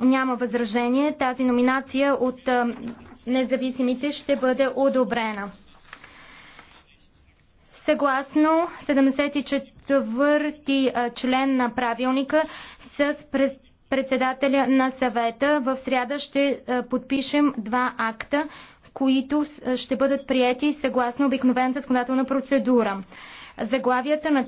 няма възражение, тази номинация от независимите ще бъде одобрена. Съгласно 74 член на правилника с председателя на съвета в сряда ще подпишем два акта, които ще бъдат приети съгласно обикновената законодателна процедура. Заглавията на